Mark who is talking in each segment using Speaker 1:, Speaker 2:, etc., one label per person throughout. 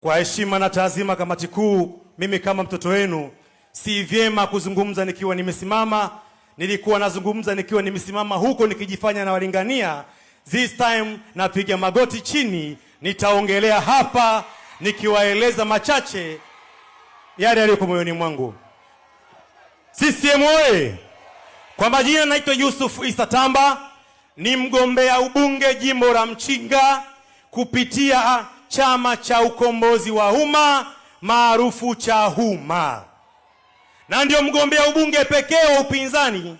Speaker 1: Kwa heshima na taazima, kamati kuu, mimi kama mtoto wenu, si vyema kuzungumza nikiwa nimesimama. Nilikuwa nazungumza nikiwa nimesimama huko nikijifanya nawalingania. This time napiga magoti chini, nitaongelea hapa nikiwaeleza machache yale yaliyoko moyoni mwangu. CCM oye! Kwa majina naitwa Yusuf Isa Tamba, ni mgombea ubunge jimbo la Mchinga kupitia Chama cha Ukombozi wa Umma maarufu cha CHAUMMA, na ndio mgombea ubunge pekee wa upinzani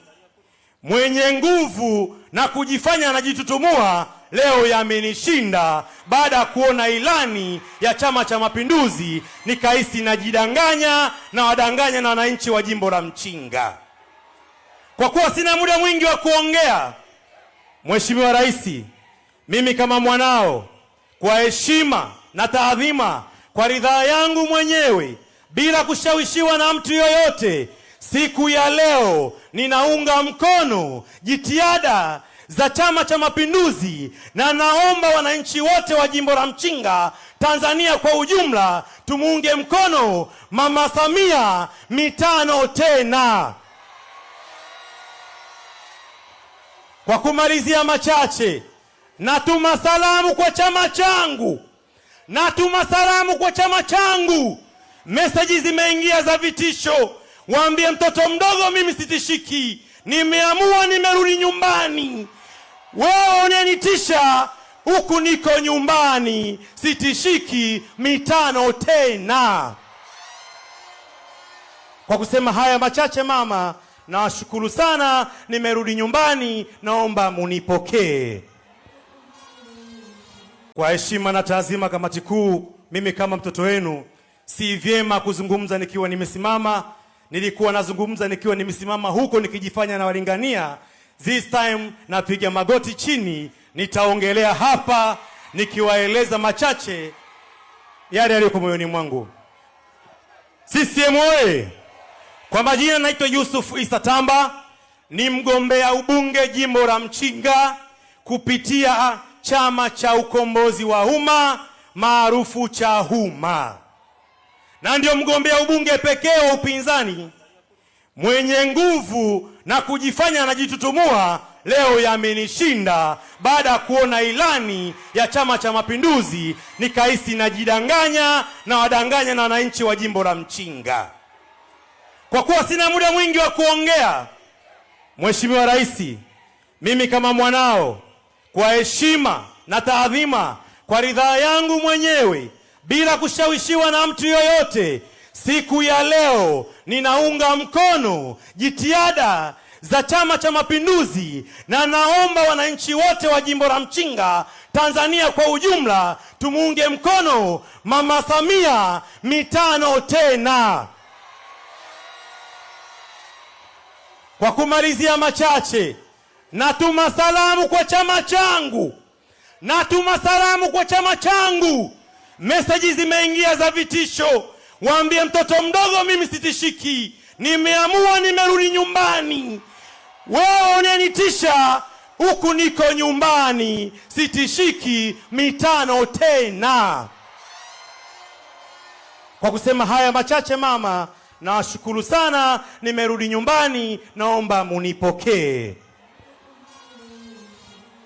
Speaker 1: mwenye nguvu na kujifanya anajitutumua leo yamenishinda. Baada ya kuona ilani ya Chama cha Mapinduzi nikahisi najidanganya na wadanganya na wananchi wa jimbo la Mchinga. Kwa kuwa sina muda mwingi wa kuongea, Mheshimiwa Rais, mimi kama mwanao kwa heshima na taadhima, kwa ridhaa yangu mwenyewe bila kushawishiwa na mtu yoyote, siku ya leo ninaunga mkono jitihada za Chama cha Mapinduzi na naomba wananchi wote wa jimbo la Mchinga, Tanzania kwa ujumla, tumuunge mkono Mama Samia mitano tena. Kwa kumalizia machache Natuma salamu kwa chama changu, natuma salamu kwa chama changu. Meseji zimeingia za vitisho, waambie mtoto mdogo, mimi sitishiki, nimeamua, nimerudi nyumbani. Wewe unanitisha huku, niko nyumbani, sitishiki. Mitano tena. Kwa kusema haya machache, mama, nawashukuru sana, nimerudi nyumbani, naomba munipokee. Kwa heshima na taazima kamati kuu, mimi kama mtoto wenu si vyema kuzungumza nikiwa nimesimama. Nilikuwa nazungumza nikiwa nimesimama huko nikijifanya nawalingania. This time napiga magoti chini, nitaongelea hapa nikiwaeleza machache yale yaliyoko moyoni mwangu. CCM oye! Kwa majina naitwa Yusuf Isa Tamba, ni mgombea ubunge jimbo la Mchinga kupitia Chama cha Ukombozi wa Umma maarufu cha CHAUMMA, na ndio mgombea ubunge pekee wa upinzani mwenye nguvu na kujifanya anajitutumua leo yamenishinda. Baada ya kuona ilani ya Chama cha Mapinduzi nikahisi najidanganya na wadanganya na wananchi wa jimbo la Mchinga. Kwa kuwa sina muda mwingi wa kuongea, Mheshimiwa Rais, mimi kama mwanao kwa heshima na taadhima, kwa ridhaa yangu mwenyewe bila kushawishiwa na mtu yoyote, siku ya leo ninaunga mkono jitihada za Chama cha Mapinduzi na naomba wananchi wote wa jimbo la Mchinga, Tanzania kwa ujumla, tumuunge mkono Mama Samia mitano tena. Kwa kumalizia machache Natuma salamu kwa chama changu, natuma salamu kwa chama changu. Meseji zimeingia za vitisho, waambie mtoto mdogo, mimi sitishiki, nimeamua, nimerudi nyumbani. Wewe unanitisha huku, niko nyumbani, sitishiki mitano tena. Kwa kusema haya machache, mama, nawashukuru sana, nimerudi nyumbani, naomba munipokee.